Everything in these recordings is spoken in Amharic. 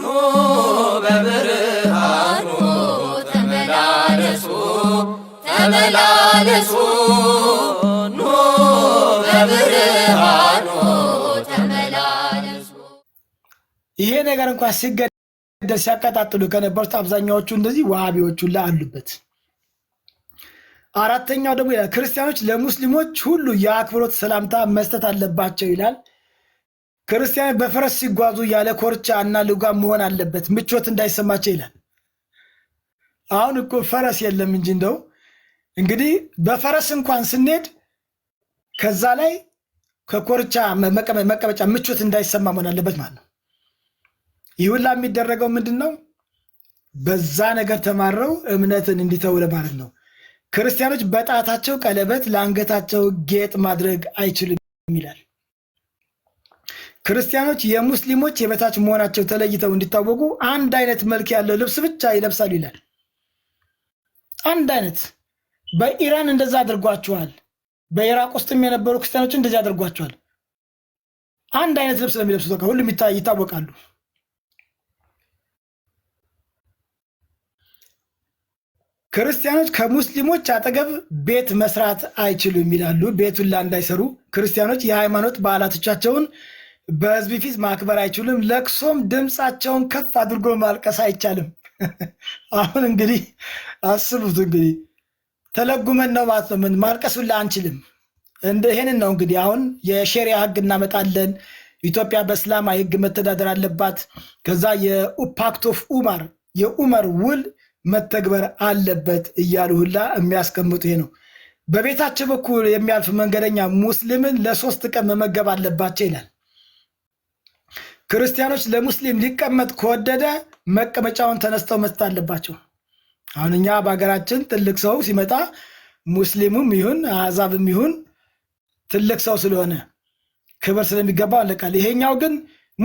ኑ በብርሃኑ ተመላለሱ ተመላለሱ ኑ በብርሃኑ ተመላለሱ። ይሄ ነገር እንኳን ሲገደል ሲያቀጣጥሉ ከነበሩት አብዛኛዎቹ እንደዚህ ዋሃቢዎቹ ላይ አሉበት። አራተኛው ደግሞ ክርስቲያኖች ለሙስሊሞች ሁሉ የአክብሮት ሰላምታ መስጠት አለባቸው ይላል። ክርስቲያን በፈረስ ሲጓዙ ያለ ኮርቻ እና ልጓ መሆን አለበት፣ ምቾት እንዳይሰማቸው ይላል። አሁን እኮ ፈረስ የለም እንጂ እንደው እንግዲህ በፈረስ እንኳን ስንሄድ ከዛ ላይ ከኮርቻ መቀመጫ ምቾት እንዳይሰማ መሆን አለበት ማለት ነው። ይህ ሁላ የሚደረገው ምንድን ነው? በዛ ነገር ተማረው እምነትን እንዲተው ለማለት ነው። ክርስቲያኖች በጣታቸው ቀለበት፣ ለአንገታቸው ጌጥ ማድረግ አይችልም ይላል። ክርስቲያኖች የሙስሊሞች የበታች መሆናቸው ተለይተው እንዲታወቁ አንድ አይነት መልክ ያለው ልብስ ብቻ ይለብሳሉ ይላል። አንድ አይነት በኢራን እንደዛ አድርጓቸዋል። በኢራቅ ውስጥም የነበሩ ክርስቲያኖች እንደዚህ አድርጓቸዋል። አንድ አይነት ልብስ ለሚለብሱ የሚለብሱት። ሁሉም ይታወቃሉ። ክርስቲያኖች ከሙስሊሞች አጠገብ ቤት መስራት አይችሉም ይላሉ። ቤቱን እንዳይሰሩ ክርስቲያኖች የሃይማኖት በዓላቶቻቸውን በህዝብ ፊት ማክበር አይችሉም። ለቅሶም ድምፃቸውን ከፍ አድርጎ ማልቀስ አይቻልም። አሁን እንግዲህ አስቡት እንግዲህ ተለጉመን ነው ማለት ነው። ምን ማልቀሱላ አንችልም። እንደ ይሄንን ነው እንግዲህ አሁን የሼሪያ ህግ እናመጣለን። ኢትዮጵያ በእስላማዊ ህግ መተዳደር አለባት። ከዛ የፓክት ኦፍ ኡማር የኡመር ውል መተግበር አለበት እያሉ ሁላ የሚያስቀምጡ ይሄ ነው። በቤታቸው በኩል የሚያልፍ መንገደኛ ሙስሊምን ለሶስት ቀን መመገብ አለባቸው ይላል። ክርስቲያኖች ለሙስሊም ሊቀመጥ ከወደደ መቀመጫውን ተነስተው መስጠት አለባቸው። አሁን እኛ በሀገራችን ትልቅ ሰው ሲመጣ ሙስሊሙም ይሁን አሕዛብም ይሁን ትልቅ ሰው ስለሆነ ክብር ስለሚገባው አለቃል። ይሄኛው ግን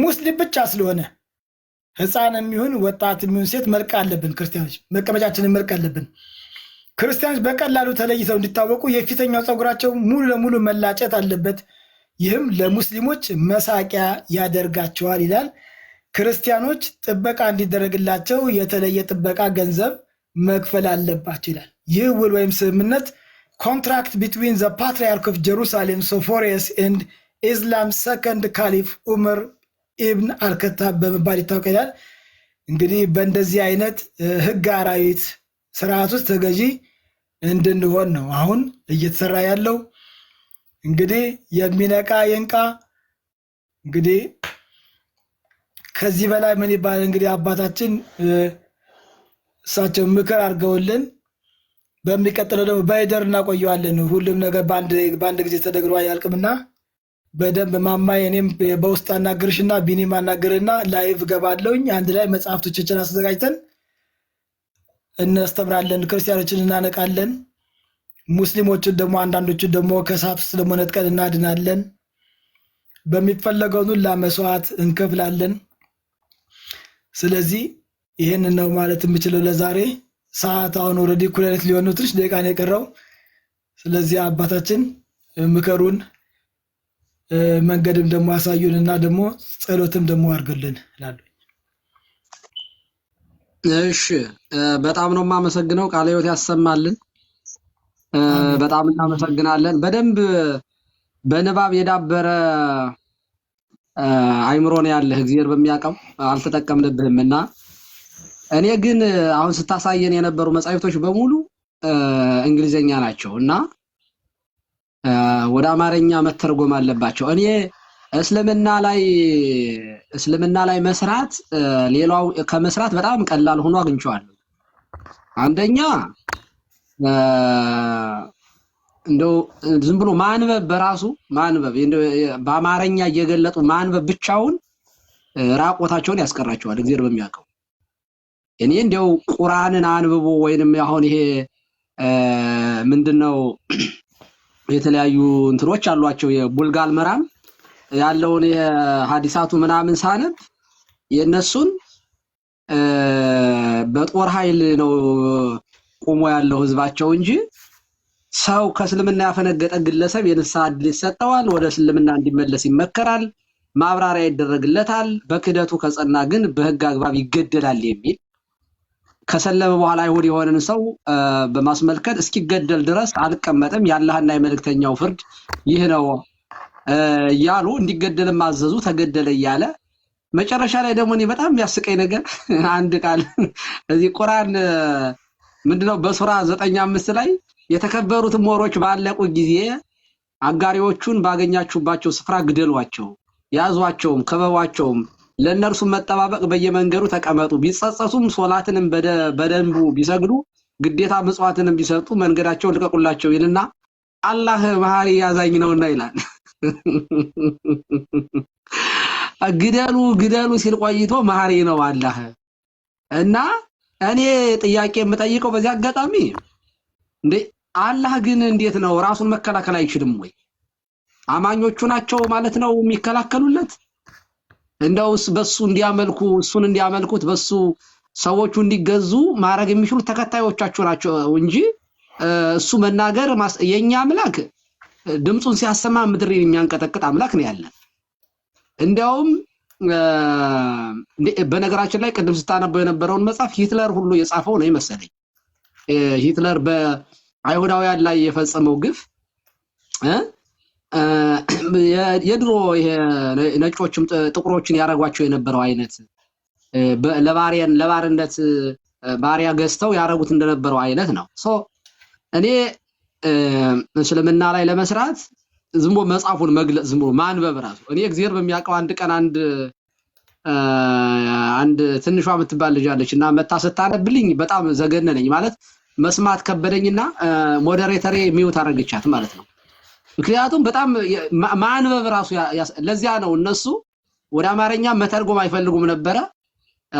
ሙስሊም ብቻ ስለሆነ ህፃን የሚሆን ወጣት የሚሆን ሴት መልቀ አለብን። ክርስቲያኖች መቀመጫችንን መልቀ አለብን። ክርስቲያኖች በቀላሉ ተለይተው እንዲታወቁ የፊተኛው ፀጉራቸው ሙሉ ለሙሉ መላጨት አለበት። ይህም ለሙስሊሞች መሳቂያ ያደርጋቸዋል ይላል። ክርስቲያኖች ጥበቃ እንዲደረግላቸው የተለየ ጥበቃ ገንዘብ መክፈል አለባቸው ይላል። ይህ ውል ወይም ስምምነት ኮንትራክት ቢትዊን ዘ ፓትሪያርክ ኦፍ ጀሩሳሌም ሶፎሪየስ ኤንድ ኢስላም ሰከንድ ካሊፍ ኡመር ኢብን አልከታብ በመባል ይታወቃል። እንግዲህ በእንደዚህ አይነት ህግ አራዊት ስርዓት ውስጥ ተገዢ እንድንሆን ነው አሁን እየተሰራ ያለው። እንግዲህ የሚነቃ ይንቃ። እንግዲህ ከዚህ በላይ ምን ይባላል? እንግዲህ አባታችን እሳቸው ምክር አድርገውልን በሚቀጥለው ደግሞ በይደር እናቆየዋለን። ሁሉም ነገር በአንድ ጊዜ ተደግሮ አያልቅምና በደንብ ማማ እኔም በውስጥ አናግርሽና ቢኒ አናግርና ላይቭ ገባለውኝ አንድ ላይ መጽሐፍቶቻችን አዘጋጅተን እናስተምራለን፣ ክርስቲያኖችን እናነቃለን። ሙስሊሞችን ደግሞ አንዳንዶችን ደግሞ ከእሳት ውስጥ ደግሞ ነጥቀን እናድናለን። በሚፈለገው ሁሉ መስዋዕት እንከፍላለን። ስለዚህ ይህን ነው ማለት የምችለው ለዛሬ። ሰዓት አሁን ኦልሬዲ እኩለ ሌሊት ሊሆን ነው፣ ትንሽ ደቂቃ ነው የቀረው። ስለዚህ አባታችን ምከሩን፣ መንገድም ደግሞ አሳዩን እና ደግሞ ጸሎትም ደግሞ አድርግልን ላሉ እሺ፣ በጣም ነው የማመሰግነው። ቃለ ሕይወት ያሰማልን። በጣም እናመሰግናለን። በደንብ በንባብ የዳበረ አይምሮ ነው ያለህ። እግዚአብሔር በሚያውቀው አልተጠቀምንብህም እና እኔ ግን አሁን ስታሳየን የነበሩ መጽሐፍቶች በሙሉ እንግሊዘኛ ናቸው እና ወደ አማርኛ መተርጎም አለባቸው። እኔ እስልምና ላይ እስልምና ላይ መስራት ሌላው ከመስራት በጣም ቀላል ሆኖ አግኝቼዋለሁ። አንደኛ እንደው ዝም ብሎ ማንበብ በራሱ ማንበብ በአማርኛ እየገለጡ ማንበብ ብቻውን ራቆታቸውን ያስቀራቸዋል። እግዚአብሔር በሚያውቀው እኔ እንዲያው ቁርአንን አንብቦ ወይንም አሁን ይሄ ምንድነው የተለያዩ እንትኖች አሏቸው የቡልጋል መራም ያለውን የሀዲሳቱ ምናምን ሳነብ የእነሱን በጦር ኃይል ነው ቆሞ ያለው ህዝባቸው እንጂ ሰው ከእስልምና ያፈነገጠ ግለሰብ የንስሐ ዕድል ይሰጠዋል፣ ወደ እስልምና እንዲመለስ ይመከራል፣ ማብራሪያ ይደረግለታል፣ በክህደቱ ከጸና ግን በህግ አግባብ ይገደላል የሚል ከሰለመ በኋላ አይሁድ የሆነን ሰው በማስመልከት እስኪገደል ድረስ አልቀመጥም፣ የአላህና የመልእክተኛው ፍርድ ይህ ነው እያሉ እንዲገደል ማዘዙ፣ ተገደለ እያለ መጨረሻ ላይ ደግሞ እኔ በጣም የሚያስቀኝ ነገር አንድ ቃል እዚህ ቁርአን ምንድነው በሱራ ዘጠኝ አምስት ላይ የተከበሩት ሞሮች ባለቁ ጊዜ አጋሪዎቹን ባገኛችሁባቸው ስፍራ ግደሏቸው፣ ያዟቸውም፣ ከበቧቸውም፣ ለእነርሱ መጠባበቅ በየመንገዱ ተቀመጡ። ቢጸጸቱም ሶላትንም በደንቡ ቢሰግዱ ግዴታ ምጽዋትንም ቢሰጡ መንገዳቸውን ልቀቁላቸው ይልና አላህ መሐሪ ያዛኝ ነውና ይላል። ግደሉ ግደሉ ሲል ቆይቶ መሐሪ ነው አላህ እና እኔ ጥያቄ የምጠይቀው በዚህ አጋጣሚ እንዴ አላህ ግን እንዴት ነው ራሱን መከላከል አይችልም ወይ? አማኞቹ ናቸው ማለት ነው የሚከላከሉለት? እንደውስ በሱ እንዲያመልኩ እሱን እንዲያመልኩት በሱ ሰዎቹ እንዲገዙ ማድረግ የሚችሉት ተከታዮቻቸው ናቸው እንጂ እሱ መናገር የኛ አምላክ ድምፁን ሲያሰማ ምድር የሚያንቀጠቅጥ አምላክ ነው ያለን። እንዲያውም በነገራችን ላይ ቅድም ስታነበው የነበረውን መጽሐፍ ሂትለር ሁሉ የጻፈው ነው ይመሰለኝ። ሂትለር በአይሁዳውያን ላይ የፈጸመው ግፍ የድሮ ነጮችም ጥቁሮችን ያደረጓቸው የነበረው አይነት ለባርነት ባሪያ ገዝተው ያደረጉት እንደነበረው አይነት ነው። እኔ እስልምና ላይ ለመስራት ዝም ብሎ መጽሐፉን መግለጽ ዝም ብሎ ማንበብ ራሱ እኔ እግዚአብሔር በሚያውቀው አንድ ቀን አንድ አንድ ትንሿ የምትባል ልጅ አለች እና መታ ስታነብልኝ በጣም ዘገነነኝ። ማለት መስማት ከበደኝና ሞዴሬተሬ የሚውት አደረገቻት ማለት ነው። ምክንያቱም በጣም ማንበብ ራሱ ለዚያ ነው እነሱ ወደ አማርኛ መተርጎም አይፈልጉም ነበረ።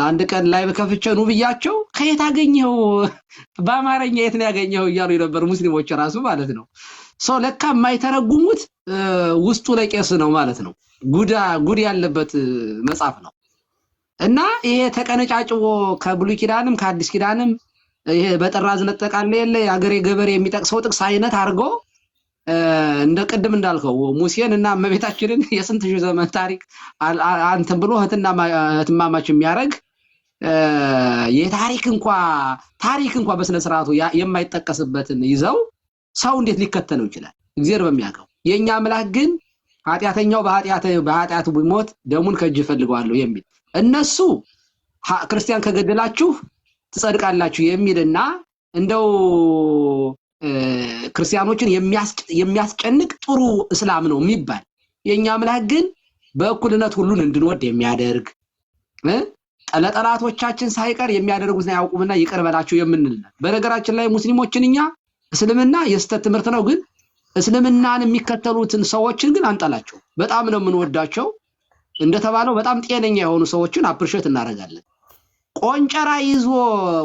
አንድ ቀን ላይ በከፍቼ ኑ ብያቸው ከየት አገኘው በአማርኛ የት ነው ያገኘው እያሉ የነበሩ ሙስሊሞች ራሱ ማለት ነው። ሰው ለካ የማይተረጉሙት ውስጡ ለቄስ ነው ማለት ነው። ጉዳ ጉድ ያለበት መጽሐፍ ነው እና ይሄ ተቀነጫጭቦ ከብሉይ ኪዳንም ከአዲስ ኪዳንም ይሄ በጥራዝ ነጠቃለ የለ የአገሬ ገበሬ የሚጠቅሰው ጥቅስ አይነት አድርጎ እንደ ቅድም እንዳልከው ሙሴን እና እመቤታችንን የስንት ሺህ ዘመን ታሪክ አንተን ብሎ እህትና እህትማማች የሚያደርግ የታሪክ እንኳ ታሪክ እንኳ በስነ ስርዓቱ የማይጠቀስበትን ይዘው ሰው እንዴት ሊከተለው ይችላል? እግዚአብሔር በሚያውቀው የእኛ አምላክ ግን ኃጢአተኛው በኃጢአቱ ቢሞት ደሙን ከእጅ እፈልገዋለሁ የሚል እነሱ ክርስቲያን ከገደላችሁ ትጸድቃላችሁ የሚልና እንደው ክርስቲያኖችን የሚያስጨንቅ ጥሩ እስላም ነው የሚባል የእኛ አምላክ ግን በእኩልነት ሁሉን እንድንወድ የሚያደርግ ለጠላቶቻችን ሳይቀር የሚያደርጉትን አያውቁምና ይቅር በላቸው የምንል። በነገራችን ላይ ሙስሊሞችን እኛ እስልምና የስተት ትምህርት ነው። ግን እስልምናን የሚከተሉትን ሰዎችን ግን አንጠላቸው፣ በጣም ነው የምንወዳቸው። እንደተባለው በጣም ጤነኛ የሆኑ ሰዎችን አፕርሸት እናደርጋለን። ቆንጨራ ይዞ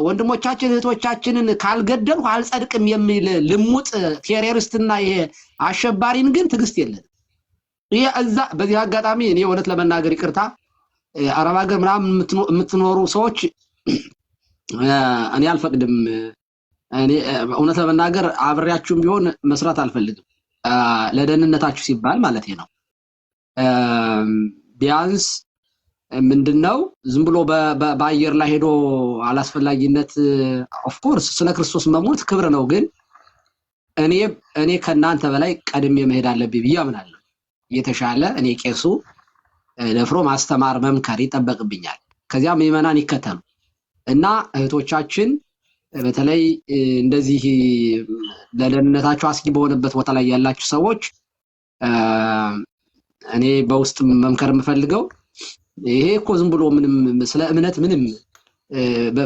ወንድሞቻችን እህቶቻችንን ካልገደሉ አልጸድቅም የሚል ልሙጥ ቴሮሪስትና ይሄ አሸባሪን ግን ትግስት የለን ይሄ እዛ በዚህ አጋጣሚ እኔ እውነት ለመናገር ይቅርታ አረብ ሀገር ምናምን የምትኖሩ ሰዎች እኔ አልፈቅድም እኔ እውነት ለመናገር አብሬያችሁም ቢሆን መስራት አልፈልግም፣ ለደህንነታችሁ ሲባል ማለት ነው። ቢያንስ ምንድን ነው ዝም ብሎ በአየር ላይ ሄዶ አላስፈላጊነት፣ ኦፍኮርስ ስለ ክርስቶስ መሞት ክብር ነው፣ ግን እኔ እኔ ከእናንተ በላይ ቀድሜ መሄድ አለብኝ ብዬ አምናለሁ። የተሻለ እኔ ቄሱ ደፍሮ ማስተማር መምከር ይጠበቅብኛል። ከዚያ ምዕመናን ይከተሉ እና እህቶቻችን በተለይ እንደዚህ ለደህንነታቸው አስጊ በሆነበት ቦታ ላይ ያላችሁ ሰዎች እኔ በውስጥ መምከር የምፈልገው ይሄ እኮ ዝም ብሎ ምንም ስለ እምነት ምንም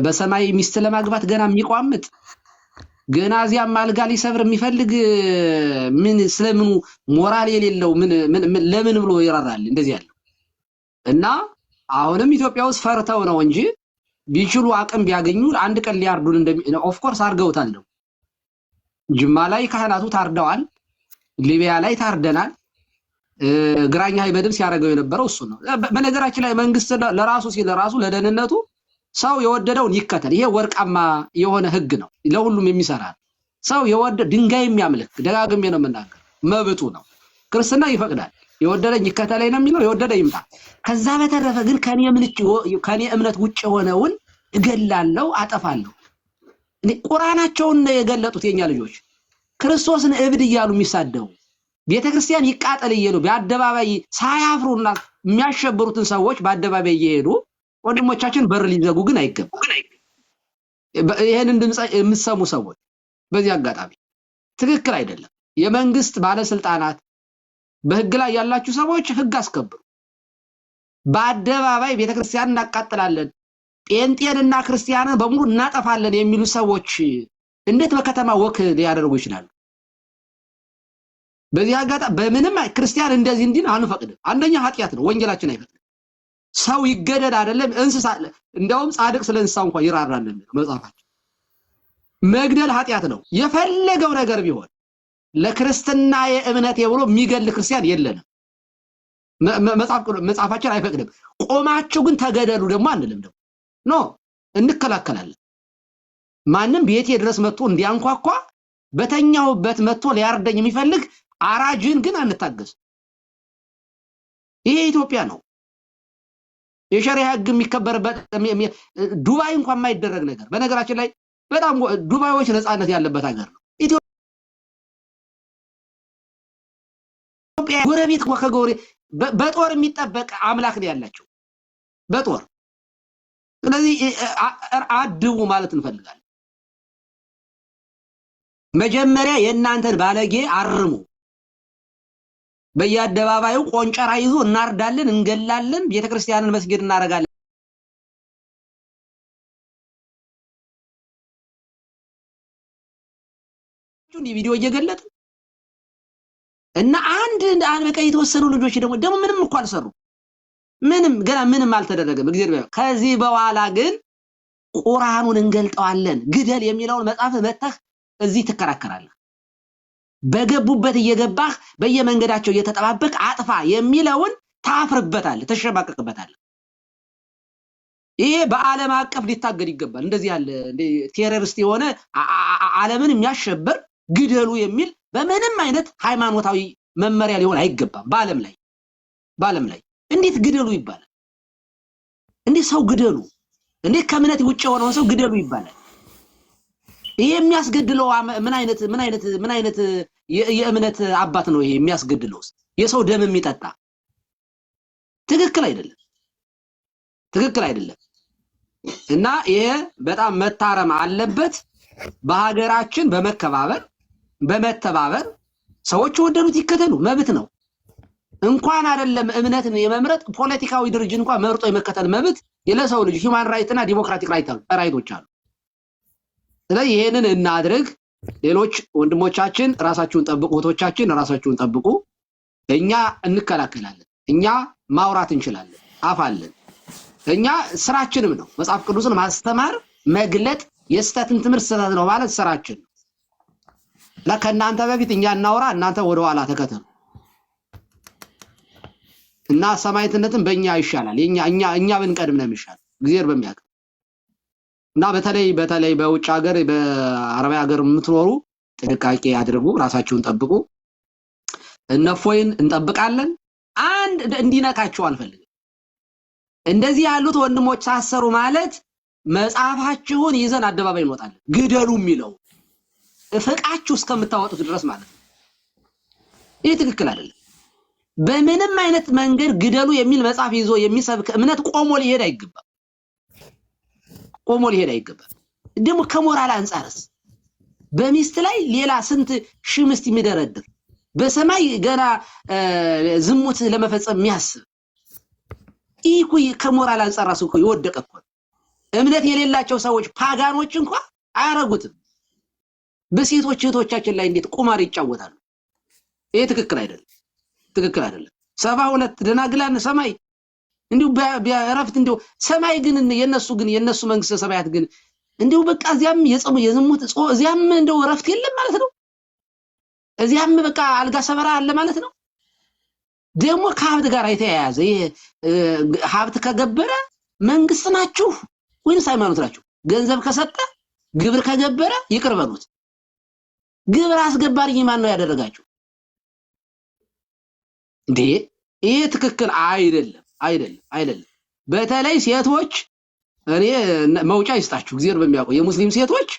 በሰማይ ሚስት ለማግባት ገና የሚቋምጥ ገና እዚያም አልጋ ሊሰብር የሚፈልግ ምን ስለምኑ ሞራል የሌለው ለምን ብሎ ይራራል? እንደዚህ ያለው እና አሁንም ኢትዮጵያ ውስጥ ፈርተው ነው እንጂ ቢችሉ አቅም ቢያገኙ አንድ ቀን ሊያርዱን እንደሚ ኦፍኮርስ አርገውታል። ነው ጅማ ላይ ካህናቱ ታርደዋል። ሊቢያ ላይ ታርደናል። ግራኛ አይበድም ሲያደርገው የነበረው እሱ ነው። በነገራችን ላይ መንግስት ለራሱ ሲል ለራሱ ለደህንነቱ ሰው የወደደውን ይከተል። ይሄ ወርቃማ የሆነ ህግ ነው፣ ለሁሉም የሚሰራ ሰው የወደ ድንጋይ የሚያምልክ ደጋግሜ ነው የምናገር፣ መብቱ ነው። ክርስትና ይፈቅዳል። የወደደኝ ይከተለኝ ነው የሚለው የወደደ ይምጣ። ከዛ በተረፈ ግን ከኔ እምነት ውጭ የሆነውን እገላለሁ፣ አጠፋለሁ። ቁራናቸውን የገለጡት የኛ ልጆች ክርስቶስን እብድ እያሉ የሚሳደቡ ቤተ ክርስቲያን ይቃጠል እየሉ በአደባባይ ሳያፍሩና የሚያሸብሩትን ሰዎች በአደባባይ እየሄዱ ወንድሞቻችን በር ሊዘጉ ግን አይገባም። ይህንን ድምፅ የምትሰሙ ሰዎች በዚህ አጋጣሚ ትክክል አይደለም። የመንግስት ባለስልጣናት በህግ ላይ ያላችሁ ሰዎች ህግ አስከብሩ። በአደባባይ ቤተክርስቲያን እናቃጥላለን፣ ጴንጤንና ክርስቲያንን በሙሉ እናጠፋለን የሚሉ ሰዎች እንዴት በከተማ ወክ ሊያደርጉ ይችላሉ? በዚህ አጋጣሚ በምንም ክርስቲያን እንደዚህ እንዲን አንፈቅድም። አንደኛ ኃጢአት ነው፣ ወንጀላችን አይፈቅድም። ሰው ይገደል አይደለም እንስሳ፣ እንደውም ጻድቅ ስለ እንስሳ እንኳ ይራራል መጽሐፋችን። መግደል ኃጢአት ነው የፈለገው ነገር ቢሆን ለክርስትና የእምነቴ ብሎ የሚገል ክርስቲያን የለንም። መጽሐፋችን አይፈቅድም። ቆማችሁ ግን ተገደሉ ደግሞ አንልም። ደግሞ ኖ እንከላከላለን። ማንም ቤቴ ድረስ መጥቶ እንዲያንኳኳ በተኛውበት መጥቶ ሊያርደኝ የሚፈልግ አራጅን ግን አንታገስ። ይሄ ኢትዮጵያ ነው። የሸሪያ ህግ የሚከበርበት ዱባይ እንኳን የማይደረግ ነገር። በነገራችን ላይ በጣም ዱባዮች ነፃነት ያለበት ሀገር ነው። ጎረቤት ከጎረ በጦር የሚጠበቅ አምላክ ነው ያላቸው በጦር ስለዚህ አድቡ ማለት እንፈልጋለን። መጀመሪያ የእናንተን ባለጌ አርሙ። በየአደባባዩ ቆንጨራ ይዞ እናርዳለን፣ እንገላለን፣ ቤተክርስቲያንን መስጊድ እናደርጋለን። ቪዲዮ እየገለጥን እና አንድ በቃ የተወሰኑ ልጆች ደግሞ ደግሞ ምንም እኮ አልሰሩ ምንም ገና ምንም አልተደረገም። እግዚአብሔር ከዚህ በኋላ ግን ቁርአኑን እንገልጠዋለን ግደል የሚለውን መጽሐፍ መተህ እዚህ ትከራከራለህ። በገቡበት እየገባህ በየመንገዳቸው እየተጠባበቅ አጥፋ የሚለውን ታፍርበታለህ፣ ተሸማቀቅበታለህ። ይሄ በዓለም አቀፍ ሊታገድ ይገባል። እንደዚህ ያለ ቴሮሪስት የሆነ ዓለምን የሚያሸብር ግደሉ የሚል በምንም አይነት ሃይማኖታዊ መመሪያ ሊሆን አይገባም። በዓለም ላይ በዓለም ላይ እንዴት ግደሉ ይባላል? እንዴት ሰው ግደሉ? እንዴት ከእምነት ውጭ የሆነውን ሰው ግደሉ ይባላል? ይሄ የሚያስገድለው ምን አይነት ምን አይነት ምን አይነት የእምነት አባት ነው? ይሄ የሚያስገድለው የሰው ደም የሚጠጣ ትክክል አይደለም፣ ትክክል አይደለም። እና ይሄ በጣም መታረም አለበት በሀገራችን በመከባበር በመተባበር ሰዎች የወደዱት ይከተሉ፣ መብት ነው። እንኳን አይደለም እምነትን የመምረጥ ፖለቲካዊ ድርጅት እንኳን መርጦ የመከተል መብት የለሰው ልጅ ሂውማን ራይት እና ዲሞክራቲክ ራይቶች አሉ። ስለዚህ ይሄንን እናድርግ። ሌሎች ወንድሞቻችን ራሳችሁን ጠብቁ፣ እህቶቻችን ራሳችሁን ጠብቁ። እኛ እንከላከላለን፣ እኛ ማውራት እንችላለን፣ አፋለን እኛ ስራችንም ነው መጽሐፍ ቅዱስን ማስተማር መግለጥ፣ የስተትን ትምህርት ስህተት ነው ማለት ስራችን ነው። ከእናንተ በፊት እኛ እናውራ፣ እናንተ ወደ ኋላ ተከተሉ እና ሰማይትነትን በእኛ ይሻላል። እኛ እኛ እኛ ብንቀድም ነው የሚሻል እግዚአብሔር በሚያውቅ እና በተለይ በተለይ በውጭ ሀገር በአረቢያ ሀገር የምትኖሩ ጥንቃቄ አድርጉ፣ ራሳችሁን ጠብቁ። እነፎይን እንጠብቃለን። አንድ እንዲነካችሁ አንፈልግም። እንደዚህ ያሉት ወንድሞች ታሰሩ ማለት መጽሐፋችሁን ይዘን አደባባይ እንወጣለን ግደሉ የሚለው እፈቃችሁ እስከምታወጡት ድረስ ማለት ነው። ይህ ትክክል አይደለም። በምንም አይነት መንገድ ግደሉ የሚል መጽሐፍ ይዞ የሚሰብክ እምነት ቆሞ ሊሄድ አይገባም። ቆሞ ሊሄድ አይገባም። ደግሞ ከሞራል አንጻርስ በሚስት ላይ ሌላ ስንት ሽምስት የሚደረድር በሰማይ ገና ዝሙት ለመፈጸም የሚያስብ ይህ እኮ ከሞራል አንጻር ራሱ እኮ የወደቀ እኮ እምነት የሌላቸው ሰዎች ፓጋኖች እንኳ አያረጉትም። በሴቶች እህቶቻችን ላይ እንዴት ቁማር ይጫወታሉ? ይሄ ትክክል አይደለም፣ ትክክል አይደለም። ሰባ ሁለት ደናግላን ሰማይ እንዲሁ በእረፍት እንዲሁ ሰማይ ግን የነሱ ግን የነሱ መንግስተ ሰማያት ግን እንዲሁ በቃ እዚያም የጽሙ የዝሙት ጽ እዚያም እንደው እረፍት የለም ማለት ነው። እዚያም በቃ አልጋ ሰበራ አለ ማለት ነው። ደግሞ ከሀብት ጋር የተያያዘ ይሄ ሀብት ከገበረ መንግስት ናችሁ ወይንስ ሃይማኖት ናችሁ? ገንዘብ ከሰጠ ግብር ከገበረ ይቅር ግብር አስገባሪ ማን ነው ያደረጋችሁ እንዴ? ይህ ትክክል አይደለም፣ አይደለም፣ አይደለም። በተለይ ሴቶች እኔ መውጫ ይስጣችሁ እግዚአብሔር በሚያውቀው የሙስሊም ሴቶች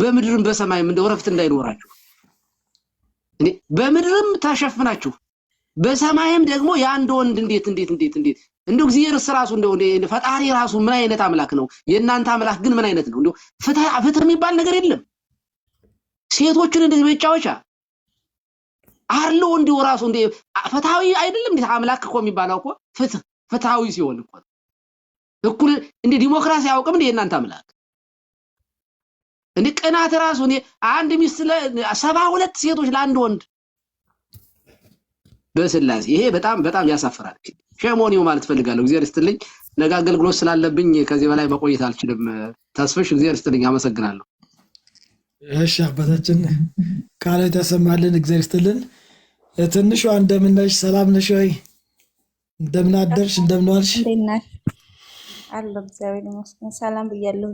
በምድርም በሰማይም እንደው ረፍት እንዳይኖራችሁ በምድርም ተሸፍናችሁ በሰማይም ደግሞ የአንድ ወንድ እንዴት እንዴት እንዴት እንዴት እንደው እግዚአብሔር ራሱ እንደው ፈጣሪ ራሱ ምን አይነት አምላክ ነው? የእናንተ አምላክ ግን ምን አይነት ነው? እንደው ፍትህ የሚባል ነገር የለም። ሴቶችን እንደዚህ መጫወቻ አርሎ እንዲሁ ራሱ እንደ ፍትሐዊ አይደለም። እንዴ? አምላክ እኮ የሚባለው እኮ ፍትህ ፍትሐዊ ሲሆን እኮ እኩል እንደ ዲሞክራሲ አያውቅም እንዴ የእናንተ አምላክ? እንደ ቅናት ራሱ እንዴ አንድ ሚስት ሰባ ሁለት ሴቶች ለአንድ ወንድ በስላሴ ይሄ በጣም በጣም ያሳፍራል። ሸሞኒው ማለት ፈልጋለሁ። እግዚአብሔር ይስጥልኝ። ነገ አገልግሎት ስላለብኝ ከዚህ በላይ መቆየት አልችልም። ተስፍሽ እግዚአብሔር ይስጥልኝ። አመሰግናለሁ። እሺ አባታችን ቃለ ተሰማልን። እግዚአብሔር ይስጥልን። ትንሿ እንደምን ነሽ? ሰላም ነሽ ወይ? እንደምን አደርሽ? እንደምን ዋልሽ? አለ እግዚአብሔር ይመስገን። ሰላም ብያለሁ።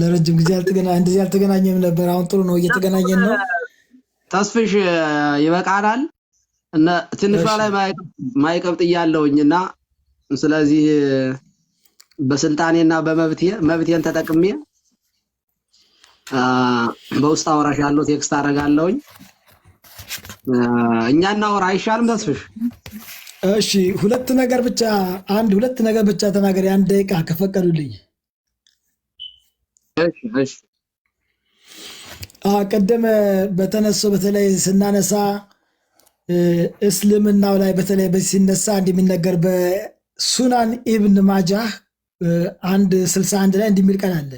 ለረጅም ጊዜ አልተገና እንደዚህ አልተገናኘም ነበር። አሁን ጥሩ ነው፣ እየተገናኘን ነው። ተስፍሽ ይበቃናል። ትንሿ ላይ ማይቀብጥ እያለሁኝ እና ስለዚህ በስልጣኔና መብቴን ተጠቅሜ በውስጥ አወራሽ ያለው ቴክስት አደርጋለሁኝ። እኛ እናወራ አይሻልም? ተስፍሽ እሺ፣ ሁለት ነገር ብቻ አንድ ሁለት ነገር ብቻ ተናገር፣ አንድ ደቂቃ ከፈቀዱልኝ። ቀደም በተነሳው በተለይ ስናነሳ እስልምናው ላይ በተለይ በሲነሳ እንደሚነገር በሱናን ኢብን ማጃህ አንድ ስልሳ አንድ ላይ እንዲሚል የሚል ቃል አለ።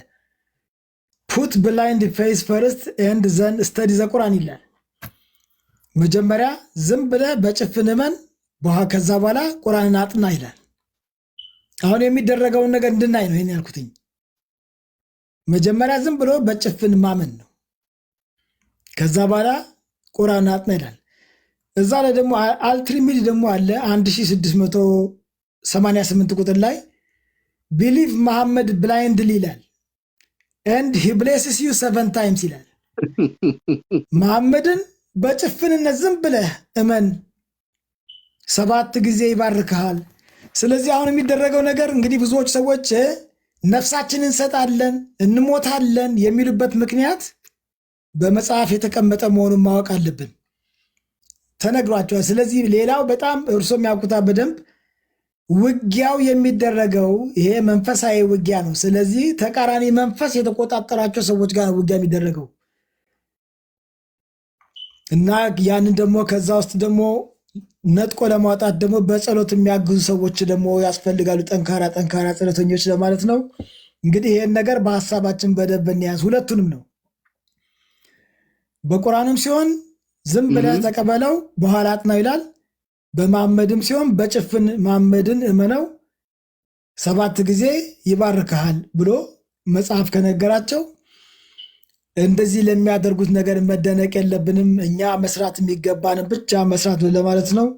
ፑት ብላይንድ ፌስ ፈርስት ኤንድ ዘን ስተዲ ዘቁራን ይላል። መጀመሪያ ዝም ብለህ በጭፍን እመን፣ ከዛ በኋላ ቁራንን አጥና ይላል። አሁን የሚደረገውን ነገር እንድናይ ነው ይህን ያልኩትኝ። መጀመሪያ ዝም ብሎ በጭፍን ማመን ነው። ከዛ በኋላ ቁራንን አጥና ይላል። እዛ ላይ ደግሞ አልትሪሚድ ደግሞ አለ 1688 ቁጥር ላይ ቢሊቭ መሐመድ ብላይንድ ይላል ኤንድ ሂ ብሌስስ ዩ ሰቨን ታይምስ ይላል። መሐመድን በጭፍንነት ዝም ብለህ እመን ሰባት ጊዜ ይባርክሃል። ስለዚህ አሁን የሚደረገው ነገር እንግዲህ ብዙዎች ሰዎች ነፍሳችንን እንሰጣለን እንሞታለን የሚሉበት ምክንያት በመጽሐፍ የተቀመጠ መሆኑን ማወቅ አለብን። ተነግሯቸዋል። ስለዚህ ሌላው በጣም እርሶ የሚያውቁታ በደንብ ውጊያው የሚደረገው ይሄ መንፈሳዊ ውጊያ ነው። ስለዚህ ተቃራኒ መንፈስ የተቆጣጠራቸው ሰዎች ጋር ውጊያ የሚደረገው እና ያንን ደግሞ ከዛ ውስጥ ደግሞ ነጥቆ ለማውጣት ደግሞ በጸሎት የሚያግዙ ሰዎች ደግሞ ያስፈልጋሉ። ጠንካራ ጠንካራ ጸሎተኞች ለማለት ነው። እንግዲህ ይህን ነገር በሀሳባችን በደንብ እንያዝ። ሁለቱንም ነው በቁርአንም ሲሆን ዝም ብለህ ተቀበለው በኋላ አጥናው ይላል። በማመድም ሲሆን በጭፍን ማመድን እመነው ሰባት ጊዜ ይባርክሃል ብሎ መጽሐፍ ከነገራቸው እንደዚህ ለሚያደርጉት ነገር መደነቅ የለብንም። እኛ መስራት የሚገባንም ብቻ መስራት ለማለት ነው።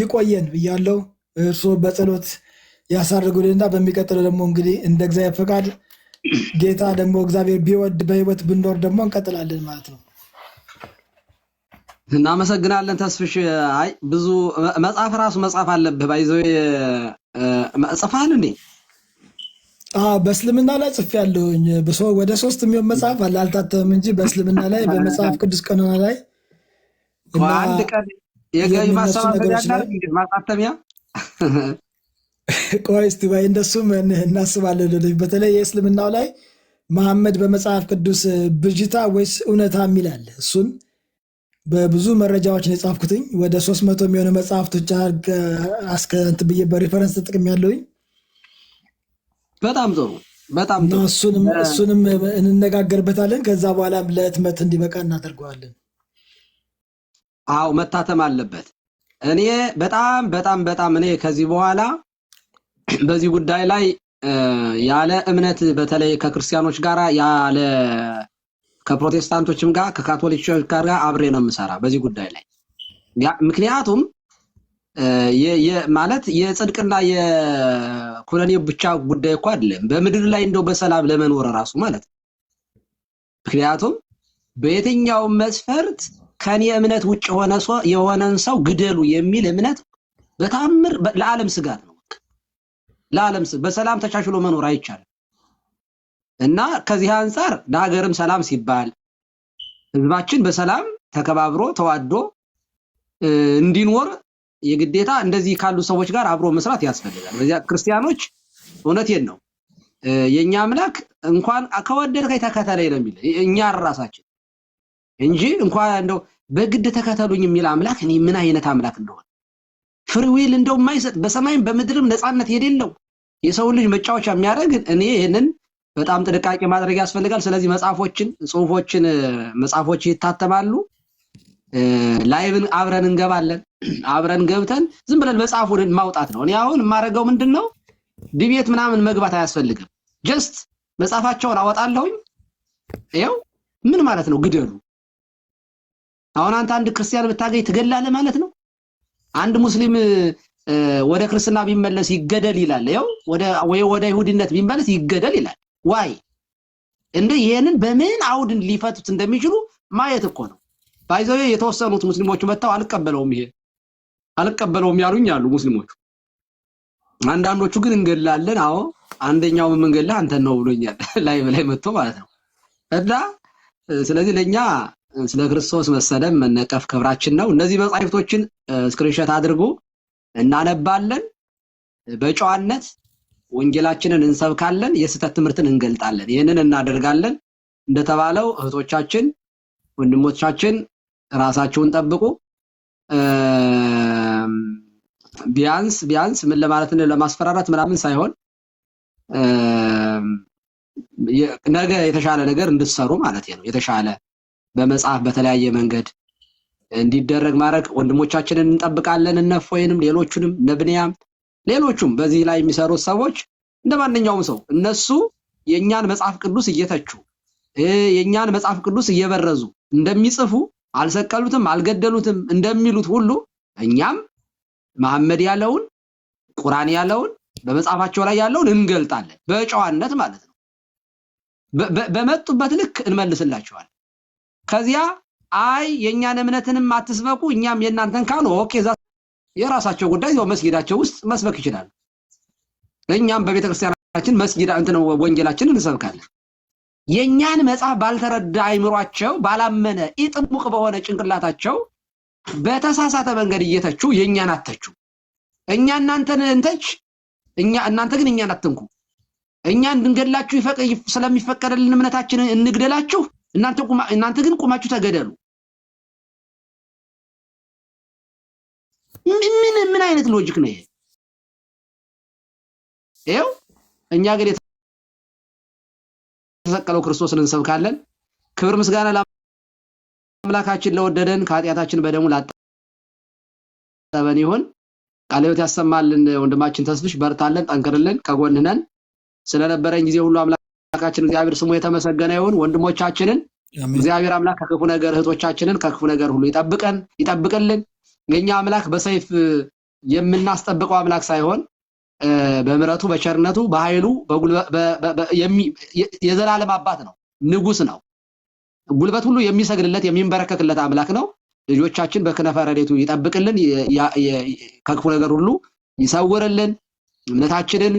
ይቆየን ብያለሁ። እርስዎ በጸሎት ያሳርጉልንና በሚቀጥለው ደግሞ እንግዲህ እንደ እግዚአብሔር ፈቃድ ጌታ ደግሞ እግዚአብሔር ቢወድ በህይወት ብንኖር ደግሞ እንቀጥላለን ማለት ነው። እናመሰግናለን ተስፍሽ። አይ ብዙ መጽሐፍ ራሱ መጽሐፍ አለብህ ባይዘ ጽፋን እኔ በእስልምና ላይ ጽፍ ጽፌያለሁኝ። ወደ ሶስት የሚሆን መጽሐፍ አለ አልታተምም እንጂ በእስልምና ላይ በመጽሐፍ ቅዱስ ቀኖና ላይ አንድ ቀን የገቢ ማሳተሚያ ቆይ እስቲ ወይ እንደሱም እናስባለን። በተለይ የእስልምናው ላይ መሐመድ በመጽሐፍ ቅዱስ ብዥታ ወይስ እውነታ የሚላል እሱን በብዙ መረጃዎች ነው የጻፍኩትኝ። ወደ ሶስት መቶ የሚሆኑ መጽሐፍቶች አስከንት ብዬ በሪፈረንስ ጥቅም ያለውኝ። በጣም ጥሩ በጣም እሱንም እንነጋገርበታለን። ከዛ በኋላ ለህትመት እንዲበቃ እናደርገዋለን። አዎ መታተም አለበት። እኔ በጣም በጣም በጣም እኔ ከዚህ በኋላ በዚህ ጉዳይ ላይ ያለ እምነት በተለይ ከክርስቲያኖች ጋር ያለ ከፕሮቴስታንቶችም ጋር ከካቶሊኮች ጋር አብሬ ነው የምሰራ በዚህ ጉዳይ ላይ ምክንያቱም ማለት የጽድቅና የኩነኔ ብቻ ጉዳይ እኮ አይደለም። በምድር ላይ እንደው በሰላም ለመኖር ራሱ ማለት ነው። ምክንያቱም በየትኛውም መስፈርት ከኔ እምነት ውጭ የሆነን ሰው ግደሉ የሚል እምነት በታምር ለዓለም ስጋት ነው። ለዓለም በሰላም ተቻችሎ መኖር አይቻልም። እና ከዚህ አንጻር ለሀገርም ሰላም ሲባል ህዝባችን በሰላም ተከባብሮ ተዋዶ እንዲኖር የግዴታ እንደዚህ ካሉ ሰዎች ጋር አብሮ መስራት ያስፈልጋል። በዚያ ክርስቲያኖች እውነቴን ነው የእኛ አምላክ እንኳን ከወደድከኝ ተከተለኝ ነው የሚል እኛ ራሳችን እንጂ እንኳን እንደው በግድ ተከተሉኝ የሚል አምላክ እኔ ምን አይነት አምላክ እንደሆነ ፍሪዊል እንደው የማይሰጥ በሰማይም በምድርም ነፃነት የሌለው የሰውን ልጅ መጫወቻ የሚያደርግ እኔ ይህንን በጣም ጥንቃቄ ማድረግ ያስፈልጋል። ስለዚህ መጽሐፎችን፣ ጽሁፎችን መጽሐፎች ይታተማሉ። ላይብን አብረን እንገባለን። አብረን ገብተን ዝም ብለን መጽሐፉን ማውጣት ነው። እኔ አሁን የማደርገው ምንድን ነው ዲቤት ምናምን መግባት አያስፈልግም። ጀስት መጽሐፋቸውን አወጣለሁኝ። ያው ምን ማለት ነው ግደሉ። አሁን አንተ አንድ ክርስቲያን ብታገኝ ትገላለህ ማለት ነው። አንድ ሙስሊም ወደ ክርስትና ቢመለስ ይገደል ይላል። ያው ወደ ወይ ወደ ይሁድነት ቢመለስ ይገደል ይላል። ዋይ እንደ ይሄንን በምን አውድን ሊፈቱት እንደሚችሉ ማየት እኮ ነው። ባይዘው የተወሰኑት ሙስሊሞቹ መጥተው አልቀበለውም ይሄ አልቀበለውም ያሉኝ አሉ ሙስሊሞቹ። አንዳንዶቹ ግን እንገላለን። አዎ አንደኛው የምንገላ አንተን ነው ብሎኛል፣ ላይ በላይ መጥቶ ማለት ነው እና ስለዚህ ለኛ ስለ ክርስቶስ መሰለም መነቀፍ ክብራችን ነው። እነዚህ መጻሕፍቶችን ስክሪንሾት uh, አድርጎ እናነባለን በጨዋነት ወንጌላችንን እንሰብካለን፣ የስህተት ትምህርትን እንገልጣለን። ይህንን እናደርጋለን። እንደተባለው እህቶቻችን፣ ወንድሞቻችን ራሳቸውን ጠብቁ። ቢያንስ ቢያንስ ምን ለማለት ለማስፈራራት ምናምን ሳይሆን ነገ የተሻለ ነገር እንድትሰሩ ማለት ነው። የተሻለ በመጽሐፍ በተለያየ መንገድ እንዲደረግ ማድረግ ወንድሞቻችንን እንጠብቃለን። እነፎይንም፣ ሌሎቹንም እነ ብንያም ሌሎቹም በዚህ ላይ የሚሰሩት ሰዎች እንደ ማንኛውም ሰው እነሱ የእኛን መጽሐፍ ቅዱስ እየተቹ የእኛን መጽሐፍ ቅዱስ እየበረዙ እንደሚጽፉ አልሰቀሉትም፣ አልገደሉትም እንደሚሉት ሁሉ እኛም መሐመድ ያለውን ቁርአን ያለውን በመጽሐፋቸው ላይ ያለውን እንገልጣለን። በጨዋነት ማለት ነው። በመጡበት ልክ እንመልስላቸዋለን። ከዚያ አይ የእኛን እምነትንም አትስበቁ እኛም የእናንተን ካኑ ኦኬ የራሳቸው ጉዳይ ያው መስጊዳቸው ውስጥ መስበክ ይችላል። እኛም በቤተ ክርስቲያናችን መስጊድ እንትን ወንጌላችንን እንሰብካለን። የእኛን መጽሐፍ ባልተረዳ አይምሯቸው፣ ባላመነ ኢጥሙቅ በሆነ ጭንቅላታቸው በተሳሳተ መንገድ እየተቹ የእኛን አተቹ። እኛ እናንተን እንተች፣ እኛ እናንተ ግን እኛን አትንኩ። እኛ እንድንገድላችሁ ስለሚፈቀደልን እምነታችንን እንግደላችሁ፣ እናንተ ግን ቁማችሁ ተገደሉ። ምን ምን አይነት ሎጂክ ነው ይሄ? ይኸው እኛ ግን የተሰቀለው ክርስቶስን እንሰብካለን። ክብር ምስጋና ለአምላካችን ለወደደን ከኃጢአታችን በደሙ ላጠበን ይሁን። ቃለ ሕይወት ያሰማልን። ወንድማችን ተስፍሽ በርታለን፣ ጠንክርልን፣ ከጎንነን ስለነበረን ጊዜ ሁሉ አምላካችን እግዚአብሔር ስሙ የተመሰገነ ይሁን። ወንድሞቻችንን እግዚአብሔር አምላክ ከክፉ ነገር እህቶቻችንን ከክፉ ነገር ሁሉ ይጠብቀን ይጠብቅልን። የኛ አምላክ በሰይፍ የምናስጠብቀው አምላክ ሳይሆን በምረቱ በቸርነቱ በኃይሉ የዘላለም አባት ነው፣ ንጉስ ነው። ጉልበት ሁሉ የሚሰግድለት የሚንበረከክለት አምላክ ነው። ልጆቻችን በክነፈ ረድኤቱ ይጠብቅልን፣ ከክፉ ነገር ሁሉ ይሰውርልን። እምነታችንን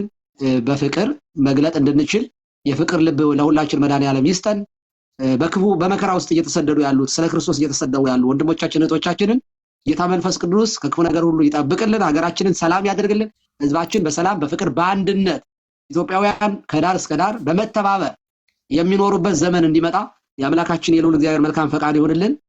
በፍቅር መግለጥ እንድንችል የፍቅር ልብ ለሁላችን መድኃኔዓለም ይስጠን። በክፉ በመከራ ውስጥ እየተሰደዱ ያሉት ስለ ክርስቶስ እየተሰደቡ ያሉ ወንድሞቻችን እህቶቻችንን ጌታ መንፈስ ቅዱስ ከክፉ ነገር ሁሉ ይጠብቅልን፣ ሀገራችንን ሰላም ያደርግልን፣ ህዝባችን በሰላም በፍቅር በአንድነት ኢትዮጵያውያን ከዳር እስከ ዳር በመተባበር የሚኖሩበት ዘመን እንዲመጣ የአምላካችን የልዑል እግዚአብሔር መልካም ፈቃድ ይሆንልን።